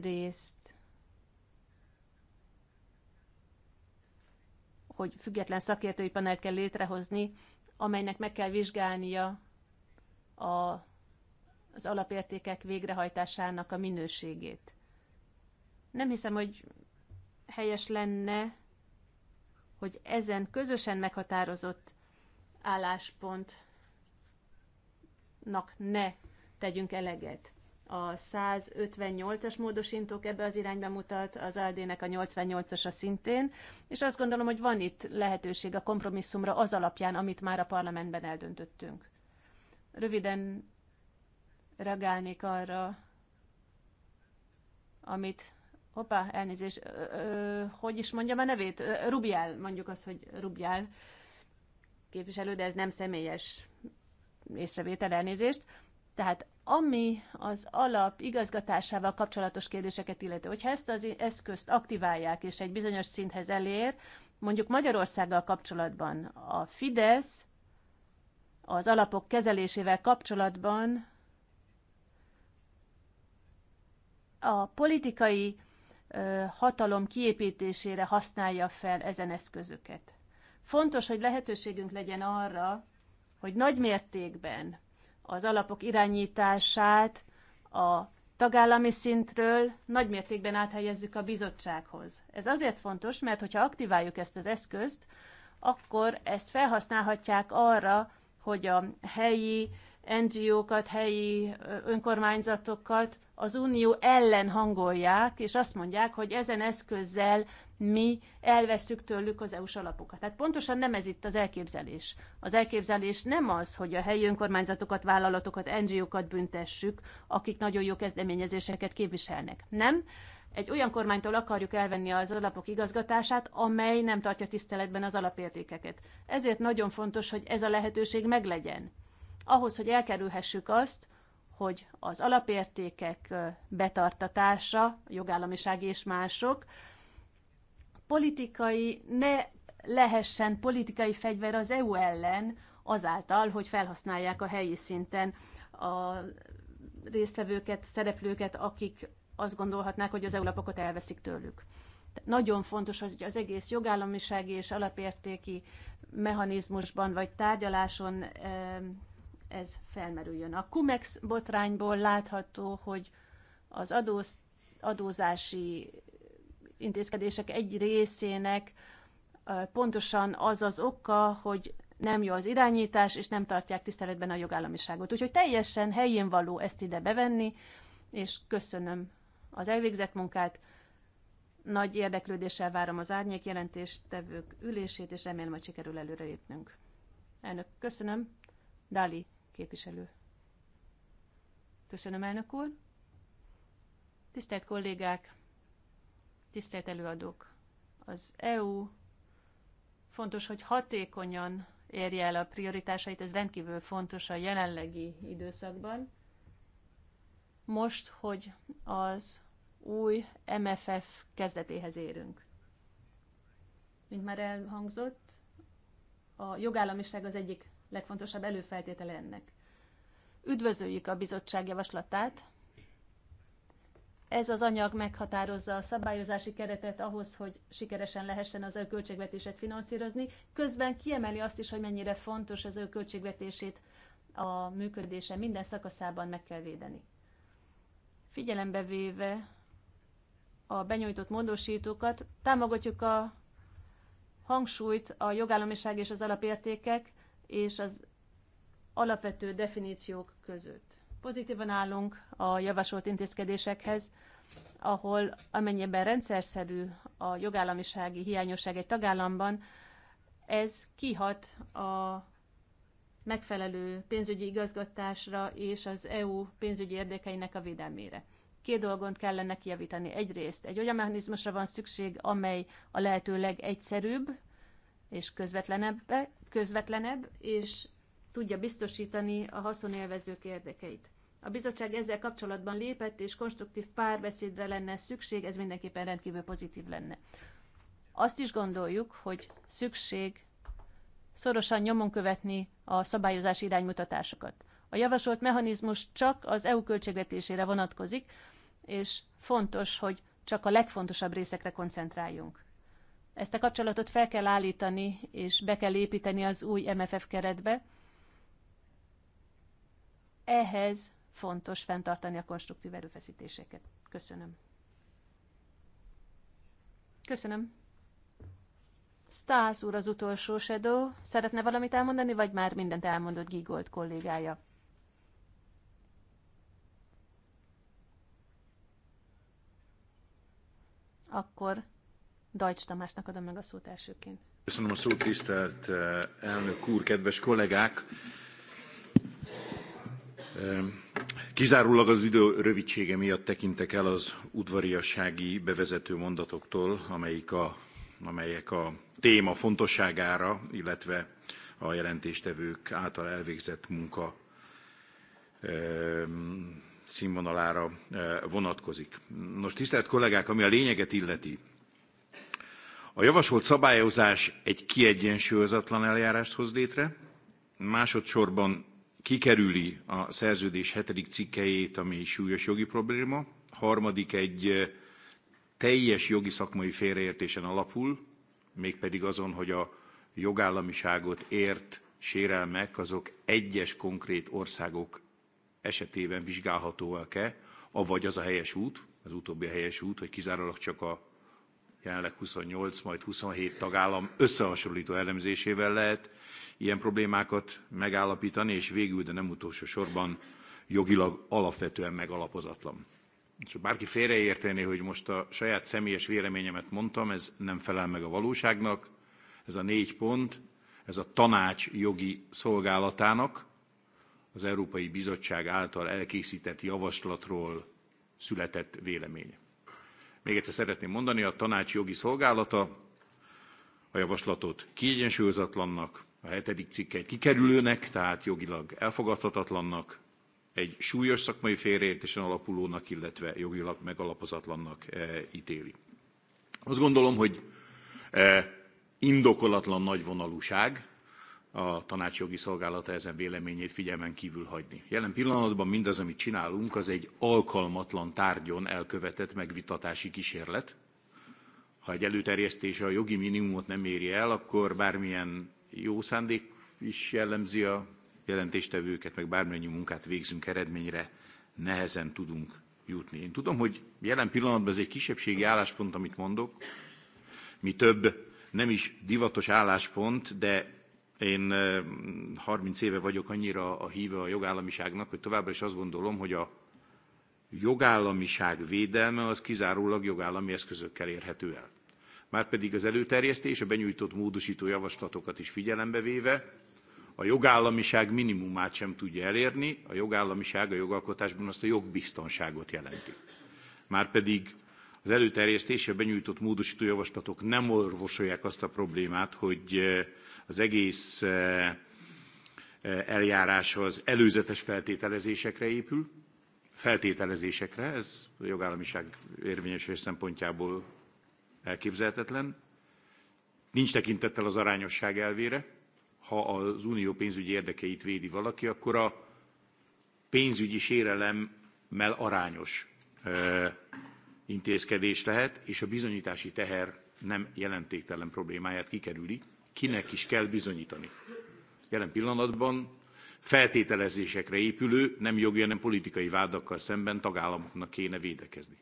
részt, hogy független szakértői panelt kell létrehozni, amelynek meg kell vizsgálnia a, az alapértékek végrehajtásának a minőségét. Nem hiszem, hogy helyes lenne, hogy ezen közösen meghatározott álláspontnak ne tegyünk eleget a 158-as módosítók ebbe az irányba mutat, az ALD-nek a 88-asa szintén, és azt gondolom, hogy van itt lehetőség a kompromisszumra az alapján, amit már a parlamentben eldöntöttünk. Röviden reagálnék arra, amit Hoppá, elnézés. hogy is mondjam a nevét? Rubjál, mondjuk az, hogy Rubjál, képviselő, de ez nem személyes észrevétel elnézést. Tehát ami az alap igazgatásával kapcsolatos kérdéseket illeti, hogyha ezt az eszközt aktiválják és egy bizonyos szinthez elér, mondjuk Magyarországgal kapcsolatban a Fidesz az alapok kezelésével kapcsolatban a politikai hatalom kiépítésére használja fel ezen eszközöket. Fontos, hogy lehetőségünk legyen arra, hogy nagy mértékben az alapok irányítását a tagállami szintről nagymértékben áthelyezzük a bizottsághoz. Ez azért fontos, mert hogyha aktiváljuk ezt az eszközt, akkor ezt felhasználhatják arra, hogy a helyi NGO-kat, helyi önkormányzatokat az unió ellen hangolják, és azt mondják, hogy ezen eszközzel mi elveszük tőlük az EU-s alapokat. Tehát pontosan nem ez itt az elképzelés. Az elképzelés nem az, hogy a helyi önkormányzatokat, vállalatokat, NGO-kat büntessük, akik nagyon jó kezdeményezéseket képviselnek. Nem. Egy olyan kormánytól akarjuk elvenni az alapok igazgatását, amely nem tartja tiszteletben az alapértékeket. Ezért nagyon fontos, hogy ez a lehetőség meglegyen ahhoz, hogy elkerülhessük azt, hogy az alapértékek betartatása, jogállamiság és mások, politikai, ne lehessen politikai fegyver az EU ellen azáltal, hogy felhasználják a helyi szinten a résztvevőket, szereplőket, akik azt gondolhatnák, hogy az EU lapokat elveszik tőlük. Nagyon fontos, hogy az egész jogállamisági és alapértéki mechanizmusban vagy tárgyaláson ez felmerüljön. A Cumex botrányból látható, hogy az adóz, adózási intézkedések egy részének pontosan az az oka, hogy nem jó az irányítás, és nem tartják tiszteletben a jogállamiságot. Úgyhogy teljesen helyén való ezt ide bevenni, és köszönöm az elvégzett munkát. Nagy érdeklődéssel várom az árnyék jelentéstevők ülését, és remélem, hogy sikerül előrelépnünk. Elnök, köszönöm. Dali képviselő. Köszönöm, elnök úr. Tisztelt kollégák, tisztelt előadók, az EU fontos, hogy hatékonyan érje el a prioritásait, ez rendkívül fontos a jelenlegi időszakban. Most, hogy az új MFF kezdetéhez érünk. Mint már elhangzott, a jogállamiság az egyik legfontosabb előfeltétele ennek. Üdvözöljük a bizottság javaslatát. Ez az anyag meghatározza a szabályozási keretet ahhoz, hogy sikeresen lehessen az költségvetését finanszírozni, közben kiemeli azt is, hogy mennyire fontos az ő költségvetését a működése minden szakaszában meg kell védeni. Figyelembe véve a benyújtott módosítókat, támogatjuk a hangsúlyt a jogállamiság és az alapértékek, és az alapvető definíciók között. Pozitívan állunk a javasolt intézkedésekhez, ahol amennyiben rendszerszerű a jogállamisági hiányosság egy tagállamban, ez kihat a megfelelő pénzügyi igazgatásra és az EU pénzügyi érdekeinek a védelmére. Két dolgon kellene kijavítani. Egyrészt egy olyan mechanizmusra van szükség, amely a lehető legegyszerűbb, és közvetlenebb, közvetlenebb és tudja biztosítani a haszonélvezők érdekeit. A bizottság ezzel kapcsolatban lépett, és konstruktív párbeszédre lenne szükség, ez mindenképpen rendkívül pozitív lenne. Azt is gondoljuk, hogy szükség szorosan nyomon követni a szabályozás iránymutatásokat. A javasolt mechanizmus csak az EU költségvetésére vonatkozik, és fontos, hogy csak a legfontosabb részekre koncentráljunk. Ezt a kapcsolatot fel kell állítani, és be kell építeni az új MFF keretbe. Ehhez fontos fenntartani a konstruktív erőfeszítéseket. Köszönöm. Köszönöm. Stász úr az utolsó Shadow. Szeretne valamit elmondani, vagy már mindent elmondott Gigolt kollégája? Akkor Dajcs Tamásnak adom meg a szót elsőként. Köszönöm a szót, tisztelt eh, elnök úr, kedves kollégák! Kizárólag az idő rövidsége miatt tekintek el az udvariassági bevezető mondatoktól, amelyik a, amelyek a téma fontosságára, illetve a jelentéstevők által elvégzett munka színvonalára eh, vonatkozik. Nos, tisztelt kollégák, ami a lényeget illeti, a javasolt szabályozás egy kiegyensúlyozatlan eljárást hoz létre, másodszorban kikerüli a szerződés hetedik cikkejét, ami súlyos jogi probléma, harmadik egy teljes jogi szakmai félreértésen alapul, mégpedig azon, hogy a jogállamiságot ért sérelmek azok egyes konkrét országok esetében vizsgálhatóak-e, avagy az a helyes út, az utóbbi a helyes út, hogy kizárólag csak a jelenleg 28, majd 27 tagállam összehasonlító elemzésével lehet ilyen problémákat megállapítani, és végül, de nem utolsó sorban jogilag alapvetően megalapozatlan. És bárki félreértené, hogy most a saját személyes véleményemet mondtam, ez nem felel meg a valóságnak. Ez a négy pont, ez a tanács jogi szolgálatának, az Európai Bizottság által elkészített javaslatról született véleménye. Még egyszer szeretném mondani, a tanács jogi szolgálata a javaslatot kiegyensúlyozatlannak, a hetedik cikket kikerülőnek, tehát jogilag elfogadhatatlannak, egy súlyos szakmai félreértésen alapulónak, illetve jogilag megalapozatlannak eh, ítéli. Azt gondolom, hogy eh, indokolatlan nagyvonalúság, a tanács jogi szolgálata ezen véleményét figyelmen kívül hagyni. Jelen pillanatban mindaz, amit csinálunk, az egy alkalmatlan tárgyon elkövetett megvitatási kísérlet. Ha egy előterjesztése a jogi minimumot nem éri el, akkor bármilyen jó szándék is jellemzi a jelentéstevőket, meg bármennyi munkát végzünk eredményre, nehezen tudunk jutni. Én tudom, hogy jelen pillanatban ez egy kisebbségi álláspont, amit mondok. Mi több, nem is divatos álláspont, de én 30 eh, éve vagyok annyira a híve a jogállamiságnak, hogy továbbra is azt gondolom, hogy a jogállamiság védelme az kizárólag jogállami eszközökkel érhető el. Márpedig az előterjesztés, a benyújtott módosító javaslatokat is figyelembe véve, a jogállamiság minimumát sem tudja elérni, a jogállamiság a jogalkotásban azt a jogbiztonságot jelenti. Márpedig az előterjesztés a benyújtott módosító javaslatok nem orvosolják azt a problémát, hogy eh, az egész eh, eh, eljáráshoz előzetes feltételezésekre épül, feltételezésekre, ez a jogállamiság érvényesülés szempontjából elképzelhetetlen. Nincs tekintettel az arányosság elvére. Ha az unió pénzügyi érdekeit védi valaki, akkor a pénzügyi sérelemmel arányos eh, intézkedés lehet, és a bizonyítási teher nem jelentéktelen problémáját kikerüli, kinek is kell bizonyítani. Jelen pillanatban feltételezésekre épülő, nem jogi, hanem politikai vádakkal szemben tagállamoknak kéne védekezni.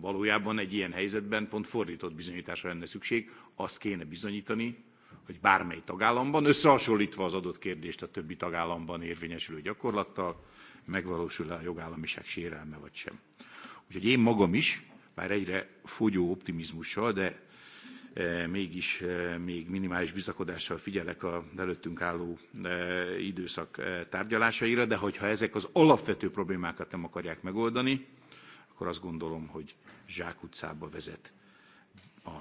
Valójában egy ilyen helyzetben pont fordított bizonyításra lenne szükség, azt kéne bizonyítani, hogy bármely tagállamban, összehasonlítva az adott kérdést a többi tagállamban érvényesülő gyakorlattal, megvalósul-e a jogállamiság sérelme vagy sem. Úgyhogy én magam is, bár egyre fogyó optimizmussal, de E, mégis e, még minimális bizakodással figyelek a előttünk álló e, időszak tárgyalásaira, de hogyha ezek az alapvető problémákat nem akarják megoldani, akkor azt gondolom, hogy zsákutcába vezet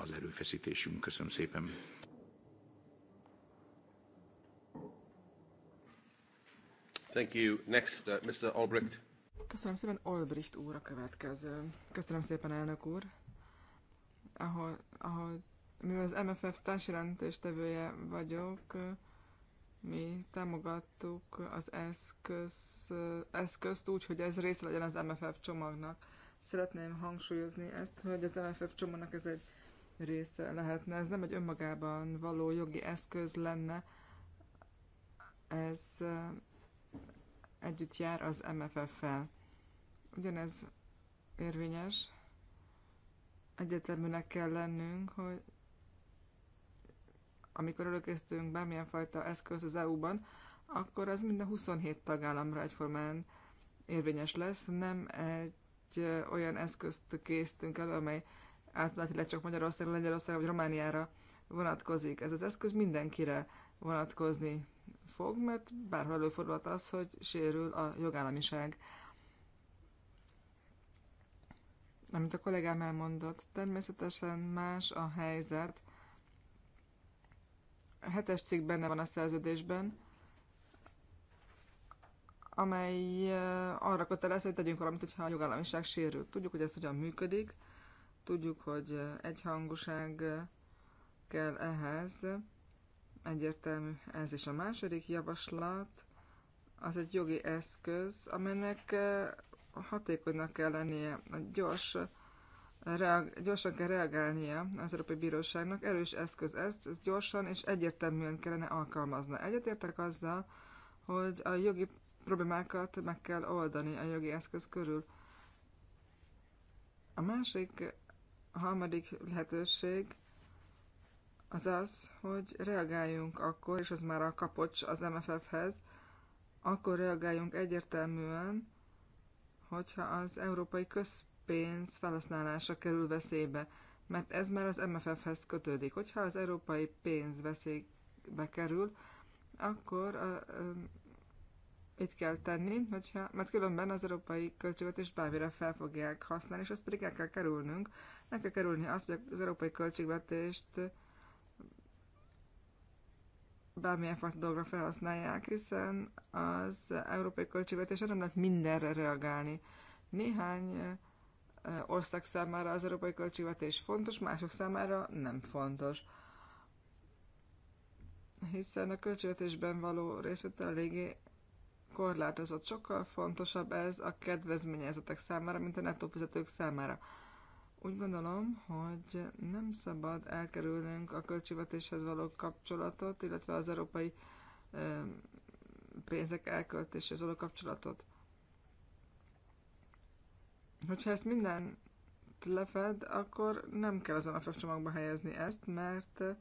az erőfeszítésünk. Köszönöm szépen. Thank you. Next, uh, Mr. Albrecht. Köszönöm szépen, Albrecht úr a következő. Köszönöm szépen, elnök úr. Ahol, ahol mivel az MFF társjelentéstevője vagyok, mi támogattuk az eszköz, eszközt úgy, hogy ez része legyen az MFF csomagnak. Szeretném hangsúlyozni ezt, hogy az MFF csomagnak ez egy része lehetne. Ez nem egy önmagában való jogi eszköz lenne, ez együtt jár az MFF-fel. Ugyanez érvényes. Egyeteműnek kell lennünk, hogy amikor előkészítünk bármilyen fajta eszköz az EU-ban, akkor az minden 27 tagállamra egyformán érvényes lesz, nem egy olyan eszközt készítünk elő, amely átlátilag csak Magyarországra, Lengyelországra vagy Romániára vonatkozik. Ez az eszköz mindenkire vonatkozni fog, mert bárhol előfordulhat az, hogy sérül a jogállamiság. Amit a kollégám elmondott, természetesen más a helyzet hetes cikk benne van a szerződésben, amely arra kötelez, hogy tegyünk valamit, hogyha a jogállamiság sérül. Tudjuk, hogy ez hogyan működik, tudjuk, hogy egyhangúság kell ehhez, egyértelmű ez is a második javaslat, az egy jogi eszköz, amelynek hatékonynak kell lennie, a gyors gyorsan kell reagálnia az Európai Bíróságnak. Erős eszköz ez, ez gyorsan és egyértelműen kellene alkalmazni Egyetértek azzal, hogy a jogi problémákat meg kell oldani a jogi eszköz körül. A másik, a harmadik lehetőség az az, hogy reagáljunk akkor, és az már a kapocs az MFF-hez, akkor reagáljunk egyértelműen, hogyha az Európai köz pénz felhasználása kerül veszélybe, mert ez már az MFF-hez kötődik. Hogyha az európai pénz veszélybe kerül, akkor a, kell tenni, hogyha, mert különben az európai költségvetést bármire fel fogják használni, és azt pedig el kell kerülnünk. Meg kell kerülni azt, hogy az európai költségvetést bármilyen fajta dologra felhasználják, hiszen az európai költségvetésre nem lehet mindenre reagálni. Néhány ország számára az európai költségvetés fontos, mások számára nem fontos. Hiszen a költségvetésben való részvétel eléggé korlátozott. Sokkal fontosabb ez a kedvezményezetek számára, mint a nettófizetők számára. Úgy gondolom, hogy nem szabad elkerülnünk a költségvetéshez való kapcsolatot, illetve az európai pénzek elköltéshez való kapcsolatot. Hogyha ezt minden lefed, akkor nem kell az alapcsomagba helyezni ezt, mert eh,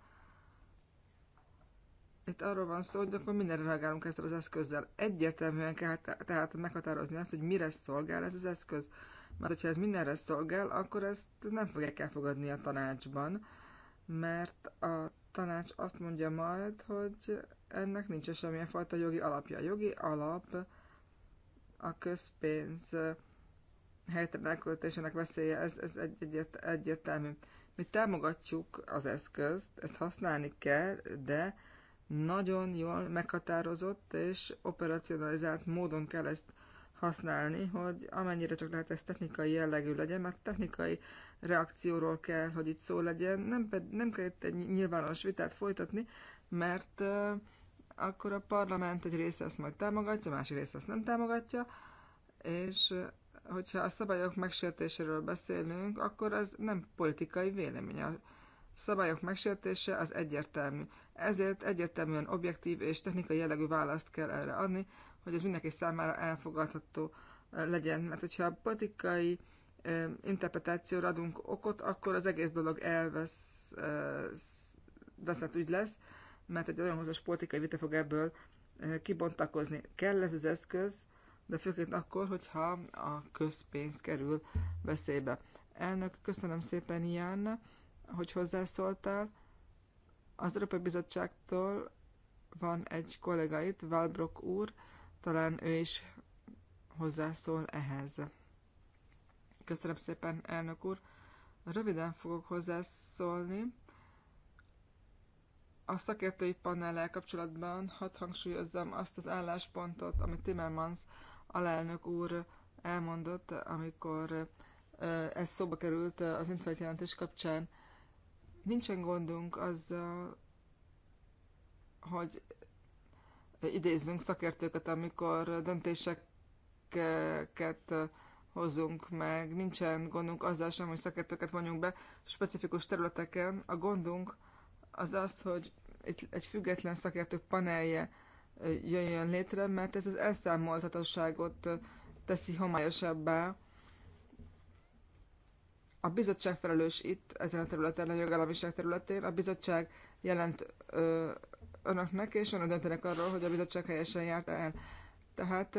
itt arról van szó, hogy akkor mindenre reagálunk ezzel az eszközzel. Egyértelműen kell tehát meghatározni azt, hogy mire szolgál ez az eszköz. Mert hogyha ez mindenre szolgál, akkor ezt nem fogják elfogadni a tanácsban, mert a tanács azt mondja majd, hogy ennek nincs semmilyen fajta jogi alapja. A jogi alap a közpénz eh, helytelen elköltésének veszélye, ez, ez egy, egy, egyértelmű. Mi támogatjuk az eszközt, ezt használni kell, de nagyon jól meghatározott és operacionalizált módon kell ezt használni, hogy amennyire csak lehet ez technikai jellegű legyen, mert technikai reakcióról kell, hogy itt szó legyen, nem, nem kell itt egy nyilvános vitát folytatni, mert uh, akkor a parlament egy része ezt majd támogatja, másik része ezt nem támogatja, és hogyha a szabályok megsértéséről beszélünk, akkor ez nem politikai vélemény. A szabályok megsértése az egyértelmű. Ezért egyértelműen objektív és technikai jellegű választ kell erre adni, hogy ez mindenki számára elfogadható eh, legyen. Mert hogyha a politikai eh, interpretációra adunk okot, akkor az egész dolog elvesz, eh, veszett hát úgy lesz, mert egy olyan hosszas politikai vita fog ebből kibontakozni. Kell ez az eszköz, de főként akkor, hogyha a közpénz kerül veszélybe. Elnök, köszönöm szépen, Ján, hogy hozzászóltál. Az Európai Bizottságtól van egy kollega itt, Valbrok úr, talán ő is hozzászól ehhez. Köszönöm szépen, elnök úr. Röviden fogok hozzászólni. A szakértői panellel kapcsolatban hadd hangsúlyozzam azt az álláspontot, amit Timmermans alelnök úr elmondott, amikor ez szóba került az infelt jelentés kapcsán. Nincsen gondunk azzal, hogy idézzünk szakértőket, amikor döntéseket hozunk meg. Nincsen gondunk azzal sem, hogy szakértőket vonjunk be specifikus területeken. A gondunk az az, hogy egy független szakértők panelje jöjjön létre, mert ez az elszámoltatosságot teszi homályosabbá. A bizottság felelős itt, ezen a területen, a jogállamiság területén. A bizottság jelent ö, önöknek, és önök döntenek arról, hogy a bizottság helyesen járt el. Tehát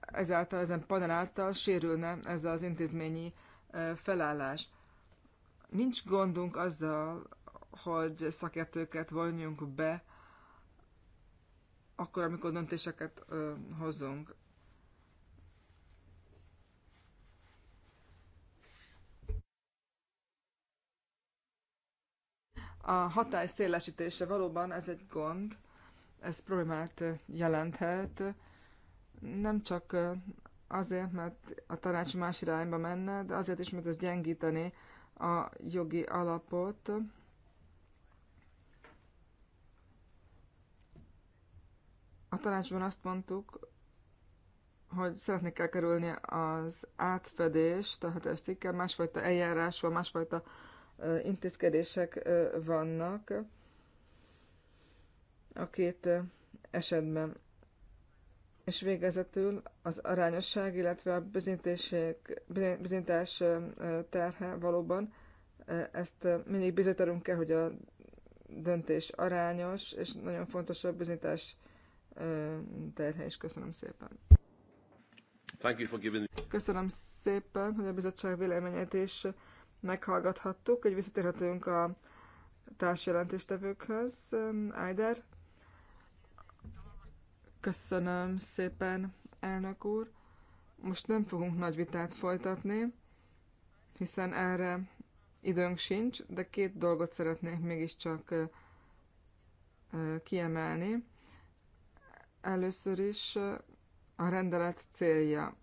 ezáltal, ezen panel által sérülne ez az intézményi felállás. Nincs gondunk azzal, hogy szakértőket vonjunk be akkor, amikor döntéseket ö, hozunk. A hatály szélesítése valóban ez egy gond, ez problémát jelenthet, nem csak azért, mert a tanács más irányba menne, de azért is, mert ez gyengíteni a jogi alapot, A tanácsban azt mondtuk, hogy szeretnék kell kerülni az átfedést a hetes cikkel, másfajta eljárásról, másfajta intézkedések vannak a két esetben. És végezetül az arányosság, illetve a bizintás terhe valóban, ezt mindig bizonyítanunk kell, hogy a döntés arányos, és nagyon fontos a bizonyítás terhe és Köszönöm szépen. Köszönöm szépen, hogy a bizottság véleményét is meghallgathattuk, hogy visszatérhetünk a társjelentéstevőkhöz. Eider. Köszönöm szépen, elnök úr. Most nem fogunk nagy vitát folytatni, hiszen erre időnk sincs, de két dolgot szeretnék mégiscsak kiemelni. Először is a rendelet célja.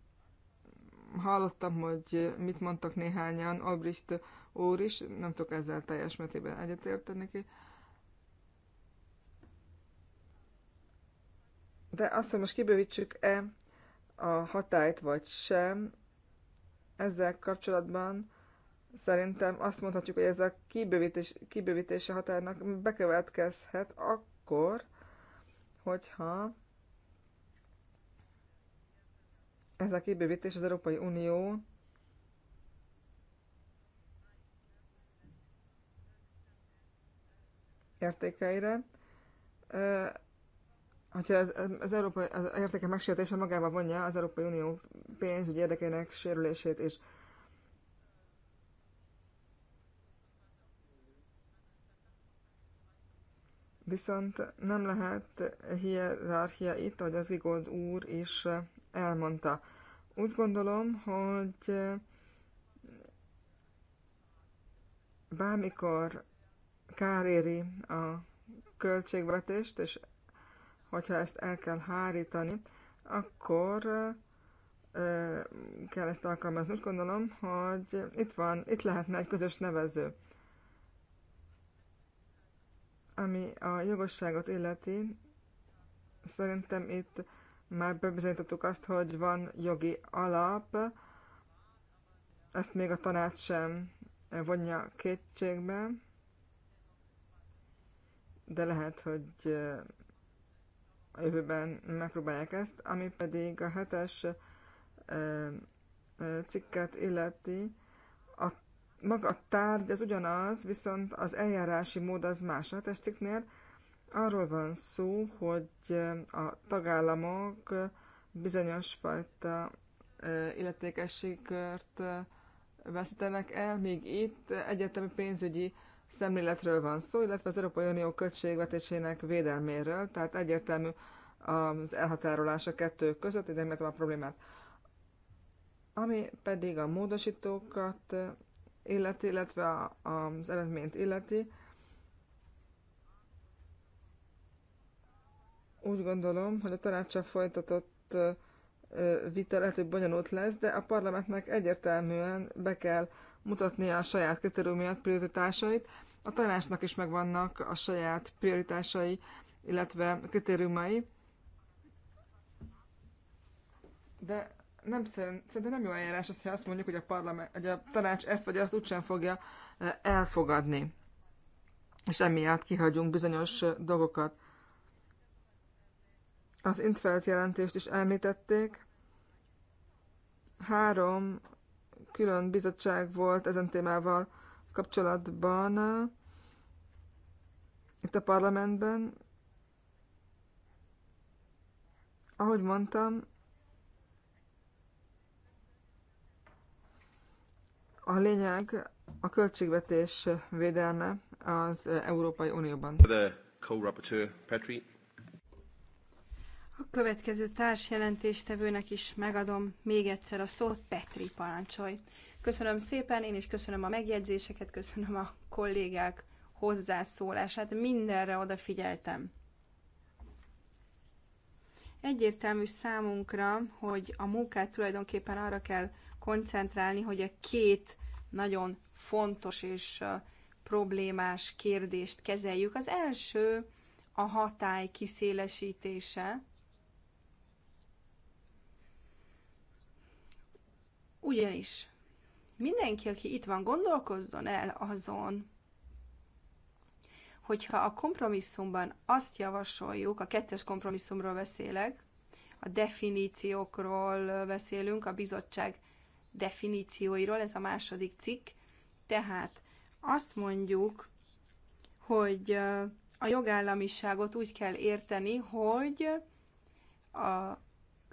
Hallottam, hogy mit mondtak néhányan, Albrecht úr is, nem tudok ezzel teljes metében egyetérteni ki. De azt, hogy most kibővítsük-e a hatályt vagy sem, ezzel kapcsolatban szerintem azt mondhatjuk, hogy ez a kibővítés, kibővítése határnak bekövetkezhet akkor, hogyha ez a kibővítés az Európai Unió értékeire. Hogyha az, az európai az értéke megsértése magába vonja az Európai Unió pénzügyi érdekének sérülését és, Viszont nem lehet hierarchia itt, ahogy az Igold úr is elmondta. Úgy gondolom, hogy eh, bármikor kár éri a költségvetést, és hogyha ezt el kell hárítani, akkor eh, kell ezt alkalmazni. Úgy gondolom, hogy itt van, itt lehetne egy közös nevező, ami a jogosságot illeti. Szerintem itt már bebizonyítottuk azt, hogy van jogi alap, ezt még a tanács sem vonja kétségbe, de lehet, hogy a jövőben megpróbálják ezt, ami pedig a hetes cikket illeti, a, maga a tárgy az ugyanaz, viszont az eljárási mód az más. A hetes cikknél Arról van szó, hogy a tagállamok bizonyos fajta illetékességkört veszítenek el, míg itt egyetemi pénzügyi szemléletről van szó, illetve az Európai Unió költségvetésének védelméről, tehát egyértelmű az elhatárolás a kettő között, ide a problémát. Ami pedig a módosítókat illeti, illetve az eredményt illeti, úgy gondolom, hogy a tanácsa folytatott vita lehet, hogy bonyolult lesz, de a parlamentnek egyértelműen be kell mutatnia a saját kritériumját, prioritásait. A tanácsnak is megvannak a saját prioritásai, illetve kritériumai. De nem szerintem nem jó eljárás az, ha azt mondjuk, hogy a, parlament, hogy a tanács ezt vagy azt úgysem fogja elfogadni. És emiatt kihagyunk bizonyos dolgokat. Az Intfeld jelentést is említették. Három külön bizottság volt ezen témával kapcsolatban eh, itt a parlamentben. Ahogy mondtam, a lényeg a költségvetés védelme az Európai Unióban. The co-rapporteur következő társjelentéstevőnek is megadom még egyszer a szót, Petri parancsolj. Köszönöm szépen, én is köszönöm a megjegyzéseket, köszönöm a kollégák hozzászólását, mindenre odafigyeltem. Egyértelmű számunkra, hogy a munkát tulajdonképpen arra kell koncentrálni, hogy a két nagyon fontos és problémás kérdést kezeljük. Az első a hatály kiszélesítése, Ugyanis mindenki, aki itt van, gondolkozzon el azon, hogyha a kompromisszumban azt javasoljuk, a kettes kompromisszumról beszélek, a definíciókról beszélünk, a bizottság definícióiról, ez a második cikk, tehát azt mondjuk, hogy a jogállamiságot úgy kell érteni, hogy a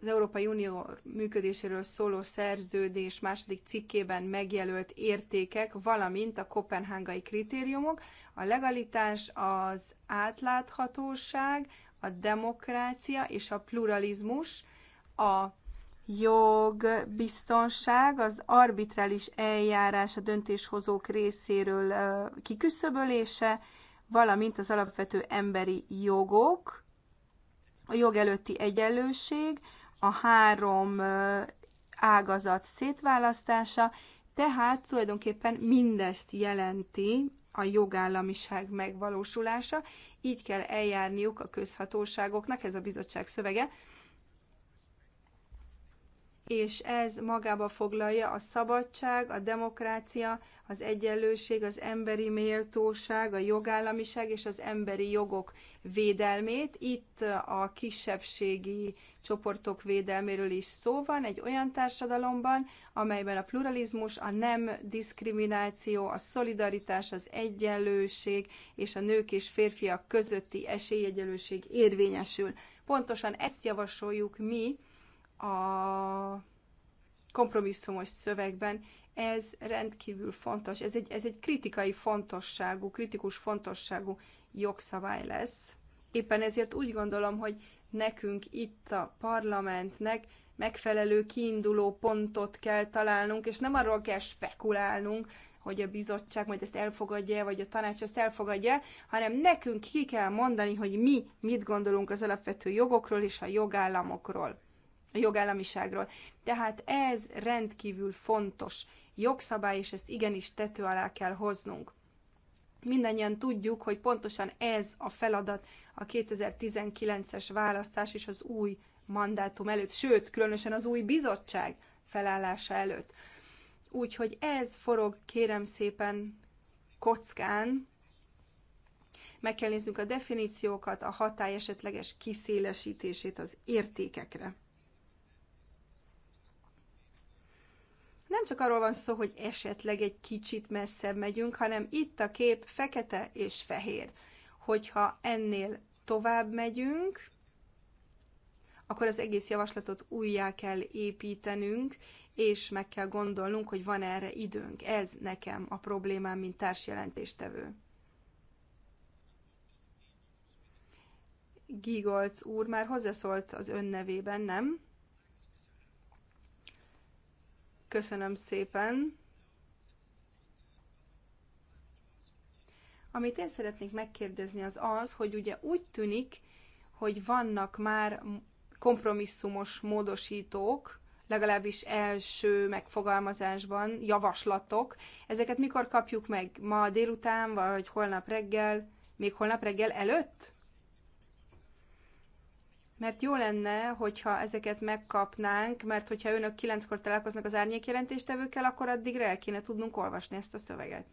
az Európai Unió működéséről szóló szerződés második cikkében megjelölt értékek, valamint a kopenhágai kritériumok, a legalitás, az átláthatóság, a demokrácia és a pluralizmus, a jogbiztonság, az arbitrális eljárás a döntéshozók részéről kiküszöbölése, valamint az alapvető emberi jogok, a jog előtti egyenlőség, a három ágazat szétválasztása, tehát tulajdonképpen mindezt jelenti a jogállamiság megvalósulása, így kell eljárniuk a közhatóságoknak, ez a bizottság szövege, és ez magába foglalja a szabadság, a demokrácia, az egyenlőség, az emberi méltóság, a jogállamiság és az emberi jogok védelmét. Itt a kisebbségi csoportok védelméről is szó van, egy olyan társadalomban, amelyben a pluralizmus, a nem diszkrimináció, a szolidaritás, az egyenlőség és a nők és férfiak közötti esélyegyenlőség érvényesül. Pontosan ezt javasoljuk mi, a kompromisszumos szövegben, ez rendkívül fontos, ez egy, ez egy kritikai fontosságú, kritikus fontosságú jogszabály lesz. Éppen ezért úgy gondolom, hogy nekünk itt a parlamentnek megfelelő kiinduló pontot kell találnunk, és nem arról kell spekulálnunk, hogy a bizottság majd ezt elfogadja, vagy a tanács ezt elfogadja, hanem nekünk ki kell mondani, hogy mi mit gondolunk az alapvető jogokról és a jogállamokról a jogállamiságról. Tehát ez rendkívül fontos jogszabály, és ezt igenis tető alá kell hoznunk. Mindannyian tudjuk, hogy pontosan ez a feladat a 2019-es választás és az új mandátum előtt, sőt, különösen az új bizottság felállása előtt. Úgyhogy ez forog, kérem szépen, kockán. Meg kell néznünk a definíciókat, a hatály esetleges kiszélesítését az értékekre. nem csak arról van szó, hogy esetleg egy kicsit messzebb megyünk, hanem itt a kép fekete és fehér. Hogyha ennél tovább megyünk, akkor az egész javaslatot újjá kell építenünk, és meg kell gondolnunk, hogy van erre időnk. Ez nekem a problémám, mint társjelentéstevő. Gigolc úr már hozzászólt az ön nevében, nem? Köszönöm szépen. Amit én szeretnék megkérdezni az az, hogy ugye úgy tűnik, hogy vannak már kompromisszumos módosítók, legalábbis első megfogalmazásban javaslatok. Ezeket mikor kapjuk meg? Ma délután, vagy holnap reggel? Még holnap reggel előtt? mert jó lenne, hogyha ezeket megkapnánk, mert hogyha önök kilenckor találkoznak az árnyékjelentéstevőkkel, akkor addigra el kéne tudnunk olvasni ezt a szöveget.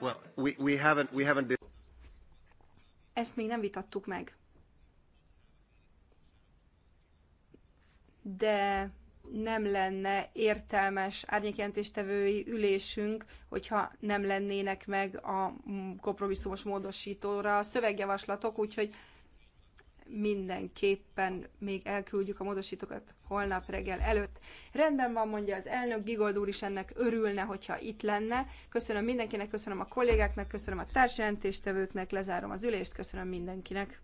Well, we, we haven't, we haven't been... Ezt még nem vitattuk meg. De nem lenne értelmes árnyékjelentéstevői ülésünk, hogyha nem lennének meg a kompromisszumos módosítóra a szövegjavaslatok, úgyhogy mindenképpen még elküldjük a módosítókat holnap reggel előtt. Rendben van, mondja az elnök, Gigold úr is ennek örülne, hogyha itt lenne. Köszönöm mindenkinek, köszönöm a kollégáknak, köszönöm a társjelentéstevőknek, lezárom az ülést, köszönöm mindenkinek.